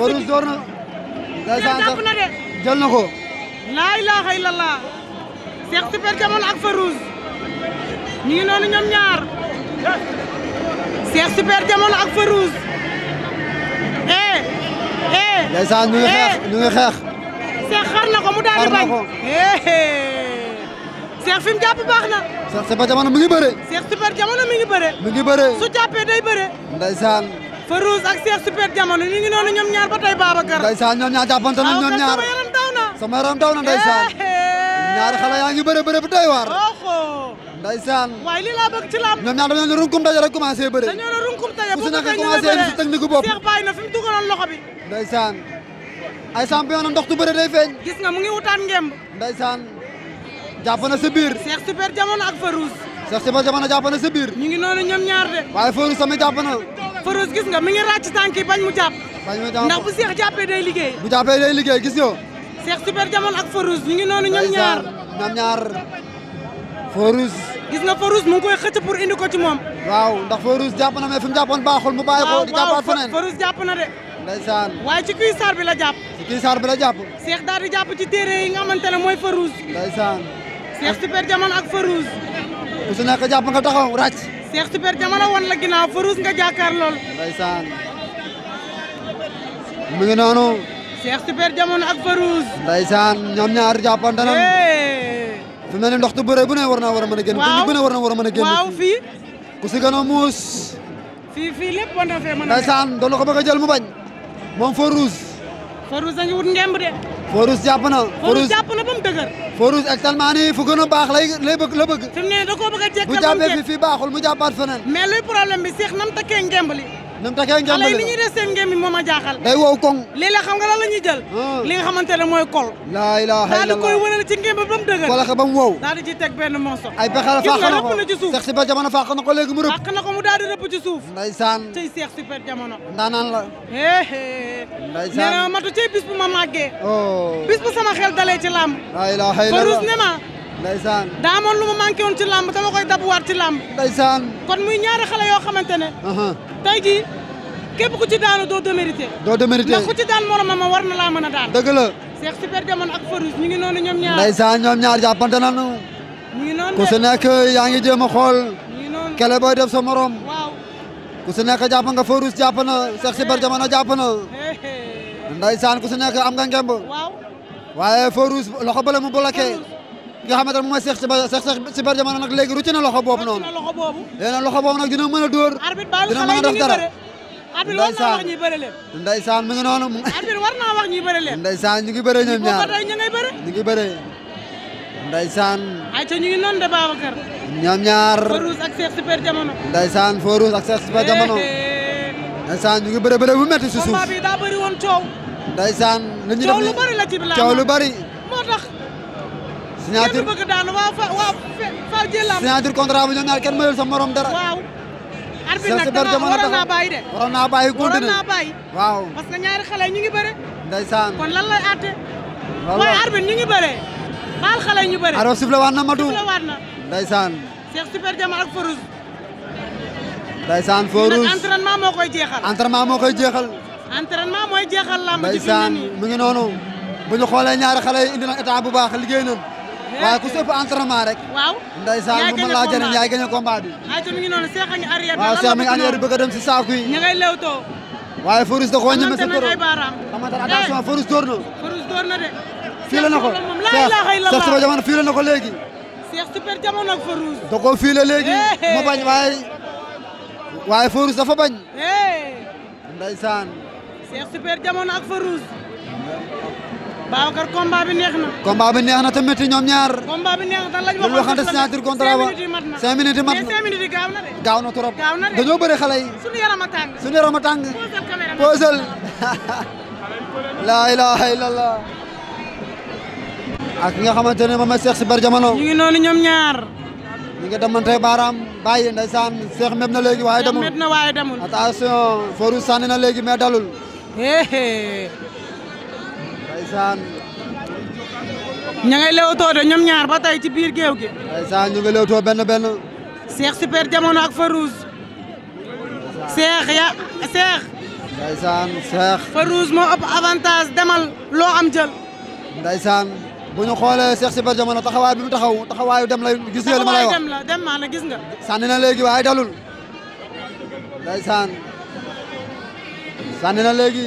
D: Farouz door na. ndeysaan jàpp na ko.
A: laa ilaaha illallah. Cheikh Super Diamone ak Farouz. ñu ngi noonu ñoom ñaar. Cheikh Super Diamone ak Farouz. eh. eh
D: ñu ngi eh. xeex ñu ngi xeex. Cheikh
A: xar na ko mu daal di eh, eh. baax na.
D: Cheikh Super Diamone mi ngi bëre.
A: Cheikh Super Diamone mi ngi bëre. mi ngi bëre su jàppee day bëre. ndeysaan. Farouz ak Cheikh Super Jamono ñu ngi noonu ñoom ñaar ba tey Babacar. ndeysaan ñoom ñaar jàppante nañ ñoom ñaar sama yaram daw na.
D: sama yaram daw na ndeysaan. Eh, eh. ñaari xale yaa ngi bëre bëre bu doy waar. ndeysaan. waaye lii laa bëgg ci laam. ñoom ñaar dañoo ne runkum daje rek commencé bëre. dañoo ne runkum daje bu ko defee ñëwee bëre ku si technique bopp. Cheikh bàyyi na fi mu dugaloon loxo bi. ndeysaan. ay champion na ndoxtu bëre day feeñ. gis nga
A: mu ngi wutaan ngemb. ndeysaan.
D: jàpp na si biir.
A: Cheikh Super Jamono ak Farouz.
D: Cheikh Super Jamono jàpp na si biir. ñu ngi noonu ñoom ñaar de. waaye Farouz tamit jàpp na Farouz gis nga mi ngi ràcc tànk yi bañ mu jàpp. bañ mu jàpp ndax bu Cheikh jàppee day liggéey. bu jàppee day liggéey gis nga.
A: Cheikh Super Diamane ak Farouz ñu ngi noonu ñoom ñaar. ñoom ñaar Farouz. gis na Farouz mu ngi koy xëcc pour ko ci moom. waaw ndax Farouz jàpp na mais fi mu jàppoon baaxul mu bàyyi ko. di jàppaat feneen Farouz jàpp na de. ndeysaan waaye ci kuy saar bi la jàpp. ci kuy saar bi la jàpp. Cheikh daal di jàpp ci téere yi nga xamante ne mooy Farouz. ndeysaan Cheikh Super Diamane ak Farouz. jàpp nga taxaw Cheikh Super Diamano won la ginnaaw Farouz nga jàkkaar lool.
D: ndeysaan mu ngi noonu.
A: Cheikh Super Diamano ak Farouz.
D: ndeysaan ñoom ñaar jàppante nañu. fi mel ni ndox tu bu ne war naa war a mën a génn. waaw na war a mën a génn. waaw fii. muus.
A: fii fii lépp mën na fee mën a.
D: ndeysaan mu bañ moom Farouz. Farouz ngi wut ngemb de. Forus jàpp na. Forus jàpp na ba mu dëgër. Forus actuellement nii fu gën a baax lay lay bëgg la bëgg. fi mu ne da koo bëgg a jekkal bu jàppee fi fii baaxul mu jàppaat feneen. mais luy problème bi nam takkee ngembali ñoom takkee
A: ngemb li ñuy def seen ngemb moo ma jaaxal day wow koŋ léeg-léeg xam nga lan la ñuy jël ah. li nga xamante ne mooy kol
D: laa ilaaha illallaah daal di koy wëral ci ngemb ba dëgër kolax ba mu wow
A: daal di ci teg benn morso ay pexe la fàq na ko
D: ci suuf Cheikh na ko mu rëpp fàq
A: na ko mu daal di rëpp ci suuf ndeysaan tey Cheikh Super Jamono ndaanaan la ndeysaan nee na matu cey bis bu ma màggee oh. bis bu sama dalee ci làmb
D: laa ne ma
A: ndeysaan daa amoon lu mu manqué woon ci làmb dama koy dabuwaat ci làmb ndeysaan kon muy ñaari xale yoo xamante ne tey képp ku ci daanu doo démérité doo démérité ndax ku ci daan moromam ma war na laa mën daan dëgg la Cheikh Super ak Farouz ñu ngi noonu ñoom ñaar ndeysaan ku si yaa ngi jéem a xool
D: kele booy def sa morom ku si nekk jàpp nga Farouz jàpp na Cheikh Super Diamane jàpp na ndeysaan ku si am nga ngemb waaye Farouz loxo nga xamante ne mooy Cheikh Super Diamano nag léegi rucc na loxo boobu noonu léegi nag loxo boobu nag dina mën a dóor dina mën a def dara ndeysaan ndeysaan mi ngi noonu ndeysaan ñu ngi bëre ñoom ñaar ñu ngi bëre ndeysaan ñoom ñaar ndeysaan Feu Rouge ak Cheikh Super Diamano eh, ndeysaan ñu ngi bëre bëre bu metti si suuf ndeysaan nit ñi def coow lu bari moo tax signature
A: bëgg daan waaw fa waaw faaw jël lamb signature contrat bu ñu naan sa
D: waaye arbitre ñu ngi bëre baal xale koy jeexal entraînement moo koy jeexal
A: entraînement mooy jeexal lamb
D: mu ngi noonu bu xoolee ñaari xale yi indi na bu baax liggéey nañ waaye ku sëpp entraînement rek. waaw ndeysaan mu mën laa jëriñ yaay gagné combat bi. ay tamit ñu noonu Cheikh a
A: ngi arrière. waaw Cheikh mi ngi arrière
D: bëgg a dem si saako yi. ña ngay lewtoo. waaye Forus da koo ñeme sa koro
A: xamante ne attention Forus door na. Forus door na de. fiile na ko Cheikh Cheikh Super Jamono fiile na ko léegi. Cheikh Super Jamono ak Forus. da
D: koo fiile léegi. bañ waaye waaye Forus dafa bañ.
A: ndeysaan. Cheikh ak Babacar combat bi neex na.
D: ta bi neex na te métti ñoom ñaar.
A: combat bi neex na lan lañ waxoon ba. 5 minutes mat gaaw na trop gaaw na de dañoo bëri xale yaram a tàng. suñu tàng.
D: posal laa ilaaha illallah. ak nga xamante ne moom mooy Cheikh Super Diamono. ñu ngi noonu ñoom ñaar. ñu ngi demante baaraam bàyyi ndeysaan seex meb na léegi waaye demul. meb na waaye demul. attention sànni na léegi mais dalul. ndeysaan ña ngay leewtoo de ñoom ñaar ba tey ci biir géew gi ndeysaan ñu ngi leewtoo benn benn
A: Cheikh Super Diamono ak Farouz Cheikh ya Cheikh
D: ndeysaan moo ëpp avantage demal loo am jël ndeysaan bu ñu xoolee Cheikh Super Diamono taxawaay bi mu taxaw taxawaayu dem la gis nga li ma na gis nga sànni na léegi waaye dalul ndeysaan sànni na léegi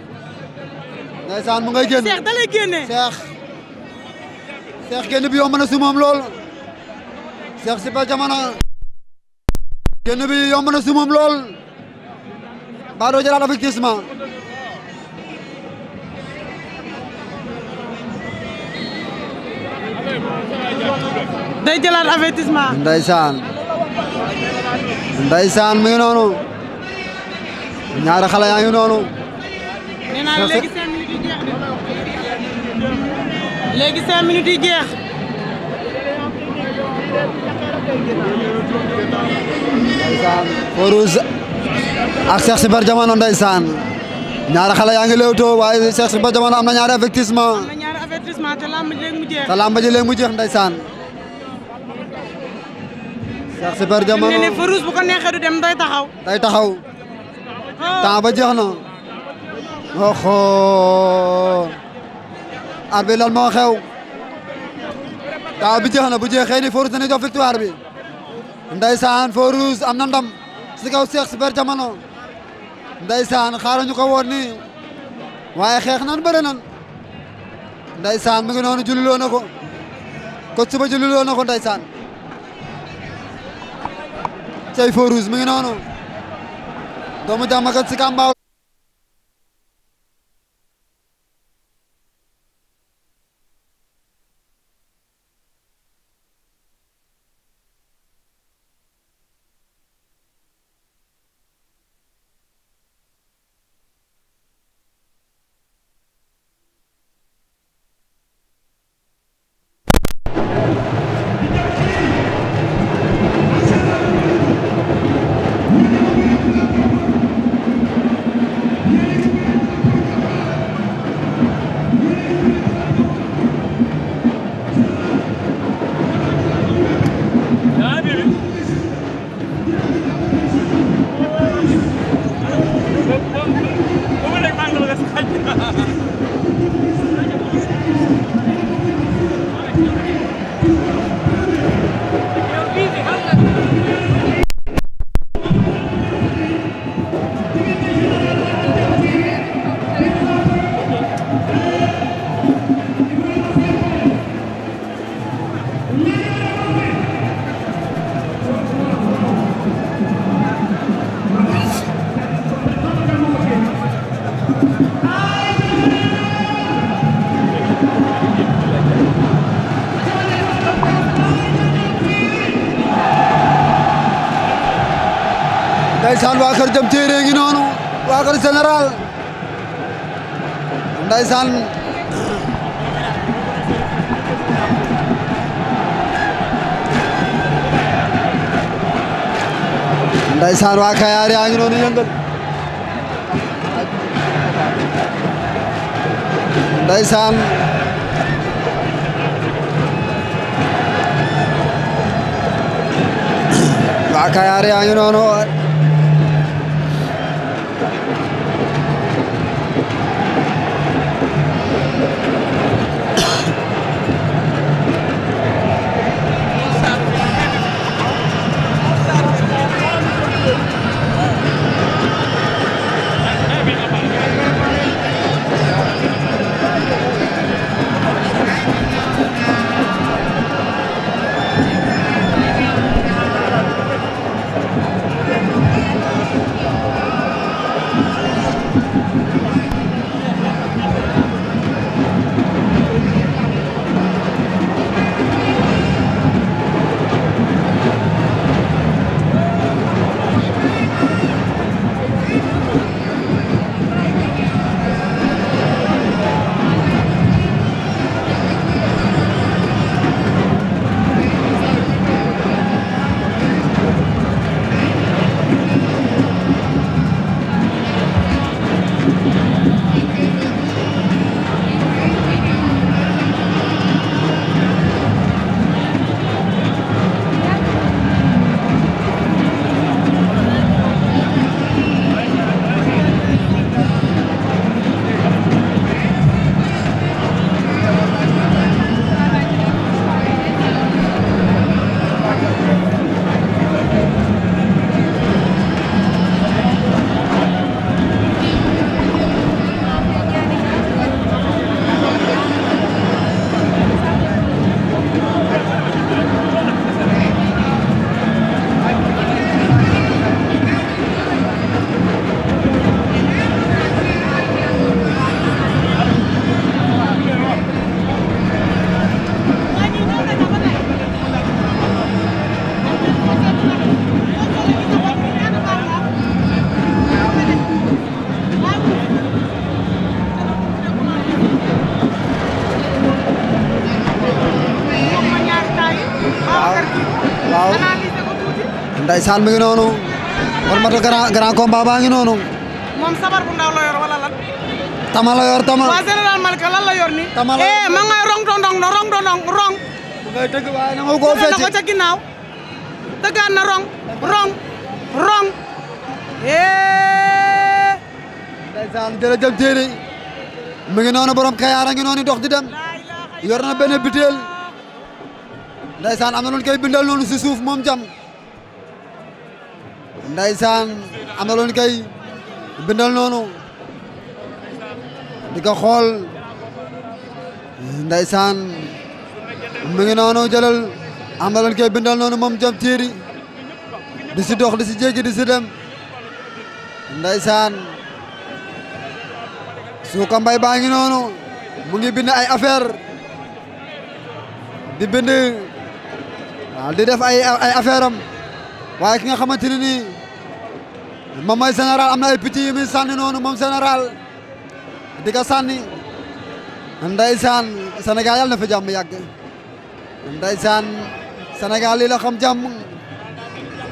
D: ndeysaan mu ngay génn Cheikh da lay génne Cheikh Cheikh génn bi yomb na si moom lool Cheikh Super Diamano génn bi yomb na si moom lool mbaa doo jëlaat avertissement day jëlaat avertissement ndeysaan ndeysaan mu ngi noonu ñaari xale yaa ngi noonu nee naa
A: léegi seen léegi cinq minutes yi jeex
D: ndeysaan Faurouz ak Cheikh Super Diamono ndeysaan ñaari xale yaa ngi léewtoo waaye Cheikh Super Diamono am na ñaari avertissement am na ñaari
A: avertissement te lamb ji mu jeex te lamb ji léegi mu jeex bu ko neexee dem day taxaw
D: day taxaw oh. temps ba jeex oxo arbitre lan moo xew daaw bi jeex na bu jeexee ni Feu Rouge dana jox victoire bi ndeysaan am na ndam si kaw Cheikh Super Diamono ndeysaan xaaral ñu ko woon ni waaye xeex nan bëre nan mi mu ngi noonu juliloo ko ko suba juliloo ko ndeysaan cey Feu mi mu ngi noonu doomu jàmm si kàmbaaw ndeysaan waa kër jëm ngi noonu waa kër général ngi noonu yëngal waa Kayaar yaa ngi noonu ndeysaan mi ngi noonu Hormatou grand grand combat la
A: yor wala lan. tama la yor tama. waa général Malika lan la yor nii. tama la eh, yor eh ma ngay rong dondong no rong dondong rong. bu ngay dëgg waaye na ma koo fecc na ko
D: ca rong rong rong. eh. ndeysaan jërëjëf Thierry. mi ngi borom Kayar noonu dox di dem. yor na benn butéel. ndeysaan am na lu ñu bindal noonu si suuf moom jam ndaysaan amaloon kay bindal noonu di ko xool ndaysaan mu ngi noonu jëlal amaloon kay bindal noonu moom jam tiiri di si dox di si jéggi di si dem ndaysaan suuka mbay baa ngi noonu mu ngi bind ay affaire di bind di def ay ay affaire am waaye ki nga xamante ni nii moom mooy général am na ay picc yu muy sànni noonu moom général di ko sànni ndeysaan senegal yàlla na fi jàmm yàgg ndeysaan Sénégal lii la xam jàmm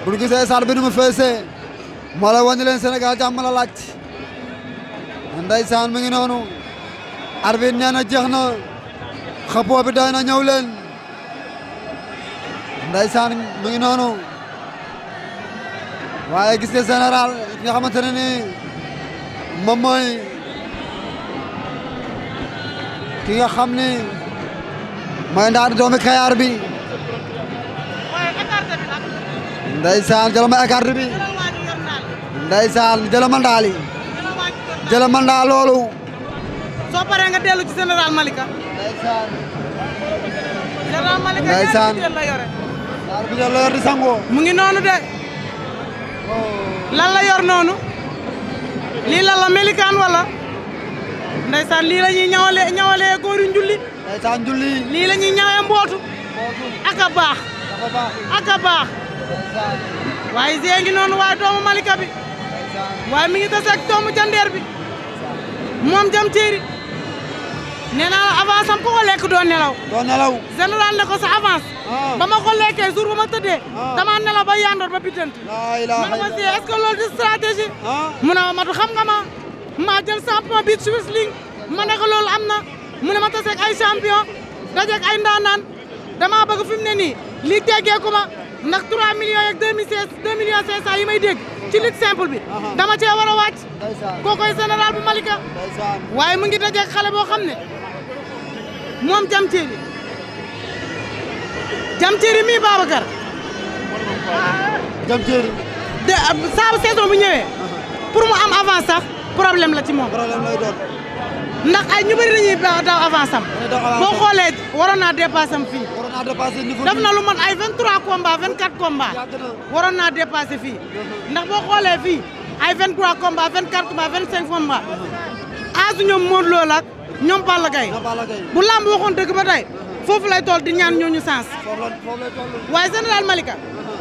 D: bu ñu gisee saar bi nu mu feesee moo la wàññi leen Sénégal jàmm la laaj ndeysaan mi ngi noonu arbitre nee na jeex na xëppoo bi doy na ñëw leen ndeysaan mi noonu waaye gis nga général nga xamante ne nii moom mooy ki nga xam ni mooy ndaar doomi Kayaar bi ndeysaan jëlama écarte bi ndeysaan jëlama ndaali jëlama ndaa loolu
A: soo paree nga dellu ci général Malika ndeysaan
D: général Malika ndeysaan
A: ndaar
D: bi la yor di sangoo mu
A: ngi noonu de lan la yor noonu lii lan la melikaan wala ndaysaan ñawalee ñawalee góori njulli. ndaysaan njulli. mbootu. mbootu ak a baax. ak a baax. doomu Malika bi. waaye mi ngi tase jandeer bi. moom jam téeri nee naa la lekk doo nelaw. doo nelaw général ne ko sa avance. Ah. ba ma ko lekkee jour ba ma tëddee ah. dama nelaw ba yandoor ba bitanti ma ma si est-ce di stratégie ah. mu ne matu xam nga ma maa jël champion bi Swiss League ma ne am na mu ne ma taseeg ay champion dajeeg ay ndaanaan dama bëgg fi ne nii lii teggeeku ma ndax 3 millions yeeg 2 2 millions 500 yi may dégg ci lutte simple bi dama cee war a kookoy général bu Malika waaye mu ngi dajeeg xale boo xam ne moom jam teeli Jamteeri mii Babacar. Jamteeri. de euh, saabu saison bu ñëwee. pour mu am avance sax la ci moom. ndax ay ñu bëri dañuy daw avance am. boo xoolee waroon naa dépassé am fii. waroon naa dépassé niveau def na lu man ay 23 combats 24 combats. waroon naa dépassé fii. ndax boo xoolee fii ay 23 combats 24 combats 25 combats. aasu ñoom Modou Lo la ak ñoom Balla Gaye bu lamb waxoon dëgg ba tey. foofu lay toll di ñaan ñooñu sens waaye général Malika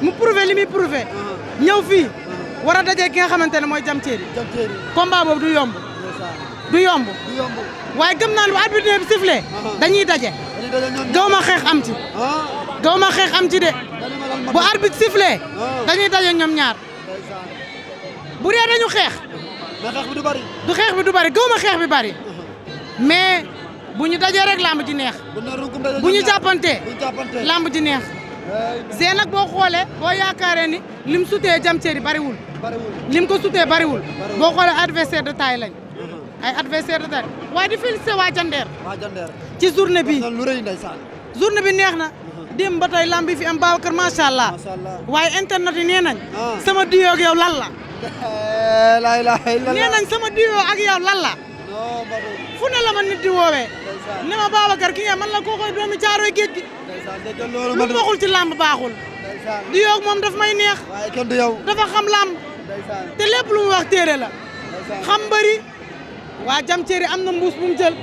A: mu prouvé li muy prouvé uh-huh. ñëw fii war a dajee ki nga xamante ne mooy jam ceeri combat boobu du yomb du yomb waaye gëm naa ne bu arbitre bi uh-huh. dañuy daje
D: gaw ma xeex am ci uh-huh. gaw ma xeex am ci de bu arbitre sifflé
A: dañuy daje ñoom ñaar bu dee ñu xeex du xeex bi du bari gaw ma xeex bi bari mais bu ñu dajee rek lamb ji neex. bu ñu jàppantee lamb ji neex. Zé nag boo xoolee boo yaakaaree ni lim sutee jam ceri bariwul. lim ko sutee bariwul. boo xoolee adversaire de taille lañ. Uh-huh. ay adversaire de taille waaye di félicité waa Jandeer. ci journée bi lu rëy bi neex na. Uh-huh. démb ba tey lamb yi fi am Babacar macha allah. waaye internet yi nee nañ. Ah. sama diwo ak yow lan la. [laughs] nee nañ sama diwo ak yow lan la. Oh, fu ne la ma nit di woowee ne ma Babacar ki nga man la kookoy doomi caaroy géej gi lu mu waxul ci làmb baaxul di yoog moom daf may neex dafa xam làmb te lépp wax téere la xam bëri waa jam ceeri am na mbuus bu mu jël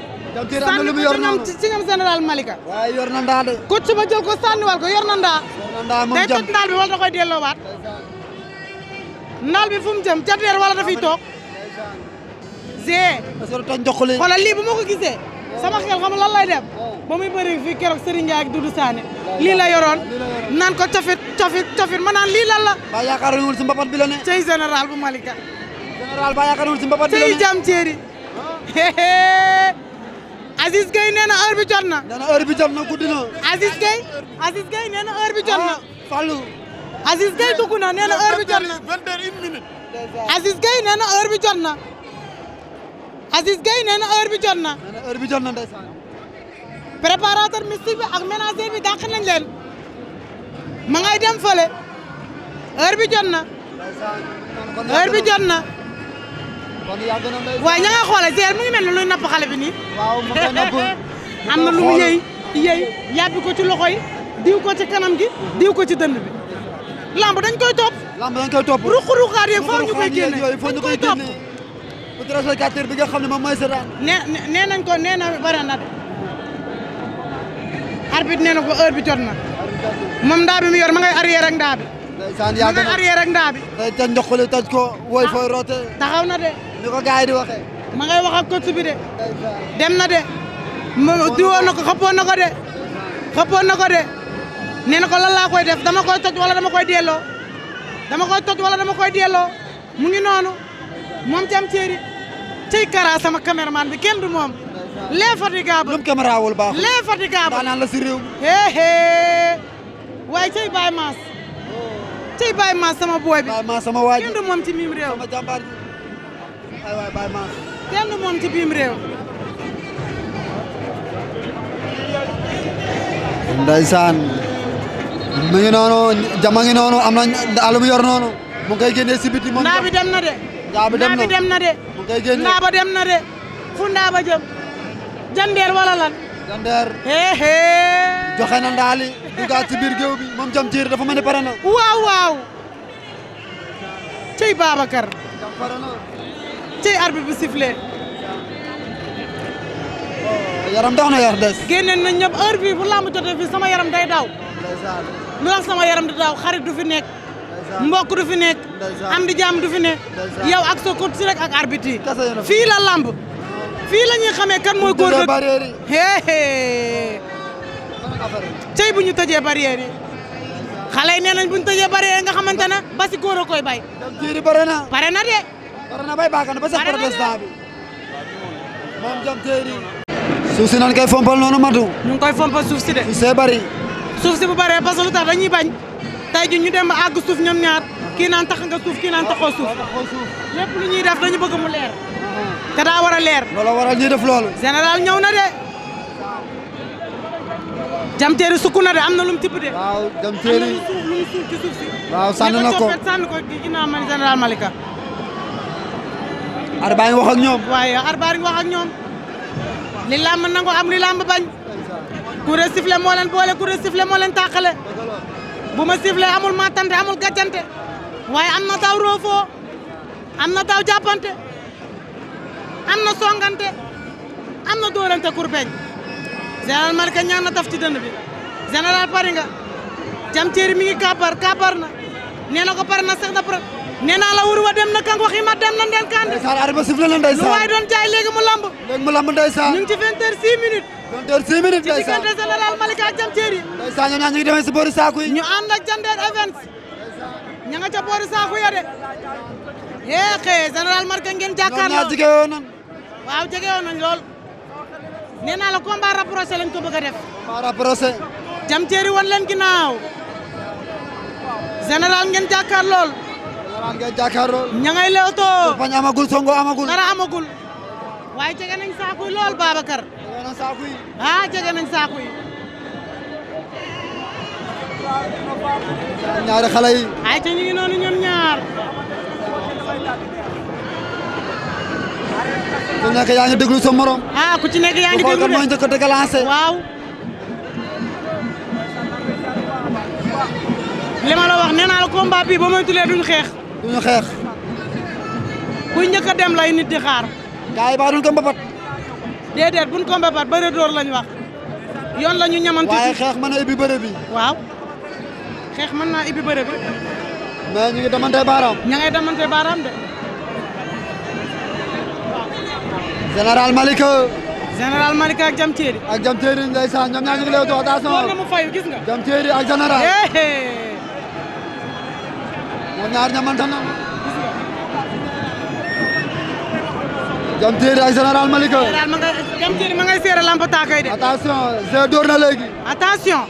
A: sànni ko ci Malika waaye yor na ma jël ko sànniwal ko yor na daa day toj ndaal bi wala da koy delloowaat ndaal bi fu mu jëm ca teer wala toog gisee. xoolal lii bu bi jot na. nee na heure bi bi jot na. Fallou. Aziz Gueye na nee na bi jot na. Aziz Gueye nee na bi jot na. Ah, Aziz Gueye nee na heure bi jot na. nee na heure bi jot na ndeysaan. préparateur mystique bi ak ménager bi dàq nañ leen ma ngay dem fële heure bi jot na.
C: heure bi jot na.
A: kon yàgg na ndeysaan waaye ña nga xoolee Seer mu ngi mel ne luy napp xale bi nii. waaw mu ngi napp [laughs] am lu mu yëy yëy yàbbi ko ci loxo yi diw ko ci kanam gi diw ko ci dënd bi. lamb da koy topp.
D: lamb dañ koy topp ruq ruqaat yeeg foofu ñu
A: téléspectateur bi nga xam ne moom mooy seetaan. nee nee nañ ko nee na bare na de. arbitre nee na ko heure bi jot na.
D: moom ndaa bi mu yor ma ngay arrière ak ndaa bi. ma ngay
A: arrière ak ndaa bi. day toj ndoxali toj ko woy ah, na ko gars ma ngay wax ak coach bi de. dem na de. ma diwoon na ko xëppoon na ko de. xëppoon na ko de. nee na ko lan koy def dama koy toj wala dama koy delloo. dama koy toj wala dama koy delloo. mu ngi noonu moom tam céeri tey Kara sama caméraman bi kenn du moom. l'infatigable lu mu caméra wul baaxul l'infatigable naan la si réew mi. waaye cey Baye Mass. waay kenn du moom ci mim réew. sama jàmbaar
C: ay
D: waay
A: du moom ci mim réew.
D: Ndeysaan mu ngi noonu jama ngi noonu am na alu noonu mu ngi koy génnee si dem
A: na de. naa dem na de. ngay génn ndaaba dem na de fu ndaaba jëm jandeer wala lan jandeer hehe
D: joxe na ndaali dugaat ci biir géew bi moom jam tiir dafa ma ni pare na waaw waaw cey Babacar pare na cey arbitre bi
A: sifflé oh, yaram daw na yar des génneen na ñëpp heure bi bu lamb jotee fii sama yaram day daw lu tax sama yaram di daw xarit du fi nekk mbokk du fi nekk am di jàmm du fi nekk yow ak sa si rek ak arbitre yi fii la lamb fii la ñuy xamee kan mooy góor nag hee bu ñu tëjee barrière yi xale yi nee nañ bu ñu tëjee barrière yi nga xamante ne ba si góor a koy bay bare na de
D: bare ba sa protestant
C: bi
A: moom jam teeri
D: si nan koy fompal noonu matu ñu ngi
A: koy fompal suuf si de suuf see bari bu baree parce que lu tax dañuy bañ tey ji ñu dem ba àgg ñoom ñaar kii naan tax nga suuf kii naan taxoo suuf lépp lu ñuy def dañu bëgg mu leer te daa war a leer. loolu waral ñuy def loolu. général ñëw na de. jam teeri na de am na lu tibb de. waaw jam suuf ci suuf si. waaw sànni na ko sànni ko ginnaaw man général Malika. arbaa ngi wax ak ñoom. waaye arbaa ngi ñoom. li làmb nangu am li làmb bañ. ku resifle moo leen boole ku resifle moo leen tàqale. bu ma siflee amul matante amul gàccante waaye am na taw roofoo am na taw jàppante am na songante am na dóorante kurbeñ général Malika ñaan na taf ci dënd bi général pari nga jam ceeri mi ngi kàbbar kàbbar na nee pare na sax na nee naa la wur wa dem na kank waxi ma dem na ndenkaan ndeysaan arba sifle na ndeysaan lu waay doon jaay léegi mu lamb léegi mu lamb ndeysaan ñu ngi ci vingt heures six minutes vingt heures six minutes ndeysaan ci diggante
D: général Malika ak jam ceeri ndeysaan ñoo ñaa ñu ngi demee si boori saaku yi ñu
A: ànd ak jandeer events ña nga ca boori saaku ya de yeexe général Malika ngeen jàkkaarloo ñoo jege woon nañ waaw jege woon nañ lool nee naa la combat rapproché lañ ko bëgg a def combat rapproché jam ceeri woon leen ginnaaw général ngeen jàkkaar lool dara ngay jàkkaarloo. ña ngay leewtoo. amagul songo amagul. dara amagul. waaye jege nañ lool Babacar. jege nañ saaku yi. ah jege nañ saaku yi. ñaari xale yi. ay ca ñu ngi noonu
D: ku nekk yaa ngi déglu sa morom. ah ku ci nekk yaa ngi déglu de ku mooy njëkk a dëgg lancé. waaw.
A: li ma la wax nee naa la combat bi ba xeex. duñu xeex. kuy njëkk a dem lay nit di xaar. gars yi ba duñ ko mbapat. déedéet buñ ko mbapat bëre door lañ wax. yoon la ñu ñamante waaye xeex mën na ibbi bëre bi. waaw xeex mën naa ibbi bëre bi. mais ñu ngi damante baaraam. ña ngay damante baaraam de.
D: général Malika. général Malika ak Jam Téeri. ak Jam Téeri ndeysaan ñoom ñaa ñu ngi lay dox attention. Jam Téeri ak général. ñaar ñamantana Diam Terry ak Général Malika
A: Diam Terry ma ngay seere lamp taakay de attention Zé door na
D: léegi attention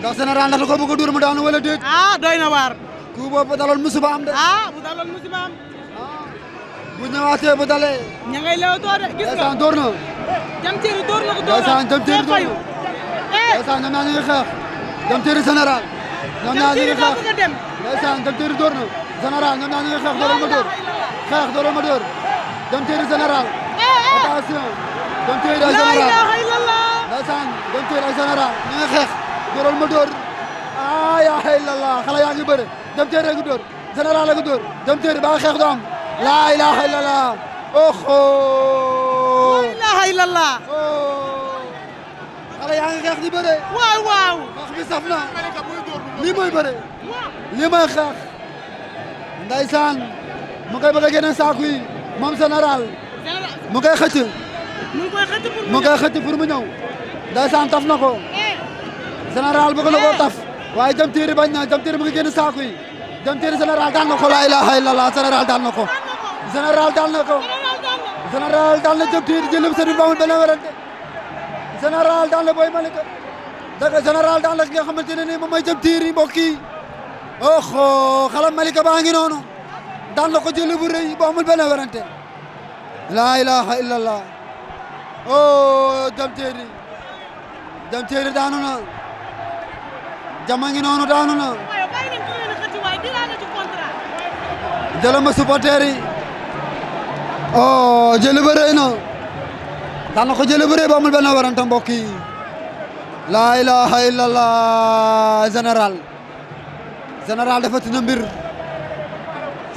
D: ndax Général ndax ko bëgg a mu daanu wala déet ah, doy na waar ku boobu daloon musiba am de ah
A: bu daloon musiba am
D: bu ñëwaatee bu dalee
A: ña ngay lew door de gis nga door na Diam Terry door na ko na Diam Terry door
D: na eh Diam Terry ndeysaan dem téeri dóor na général ñoom ñaar ñu ngi xeex dóoral ma dóor xeex dóoral ma dóor dem téeri général attention dem téeri ak général ndeysaan dem téeri ak général ñu ngi xeex dóoral ma dóor a ya ilallah xale yaa ngi bëre dem téeri ak dóor général ak dóor dem téeri ba xeex do am laa ilaha illallah oxo laa ilaha illallah xale yaa ngi xeex di bëre waaw waaw wax bi saf na lii mooy bëre li may xeex ndeysaan mu koy bëgg a génne saako yi moom général mu koy xëcc mu koy xëcc pour mu ñëw ndeysaan taf na ko général bëgg na koo taf waaye jëm tiiri ba na jëm tiiri mu ngi génne saako yi jëm tiiri général daan na ko laa ilaaha illallah général daan na ko général daan na ko général daan na jëm tiiri jëlim sëriñ bi amul benn werante général daan na Boy Malika daga général daan na ki nga xamante ne nii moom mooy jëm tiiri oxo xalam malika baa ngi noonu daan na ko jël bu rëy bu amul werante laa ilaha illallah o oh, jam teeri jam teeri daanu na jama ngi noonu daanu na jëlama supporter yi o oh, jël na daan na ko jël bu rëy bu werante mbokk yi laa ilaha illallah général général defati na mbir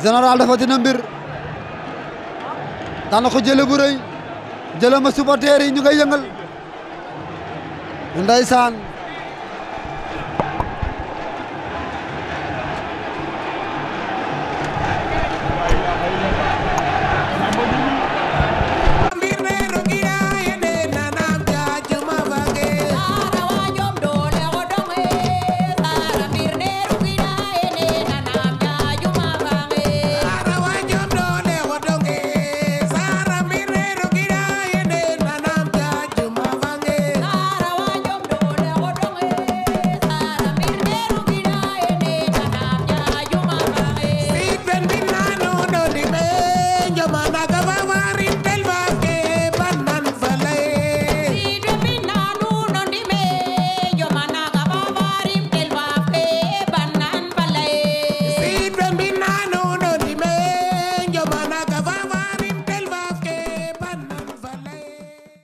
D: général defati na mbir daan na ko jële bu rëy jële ma supporters yi ñu ngay yëngal ndeysaan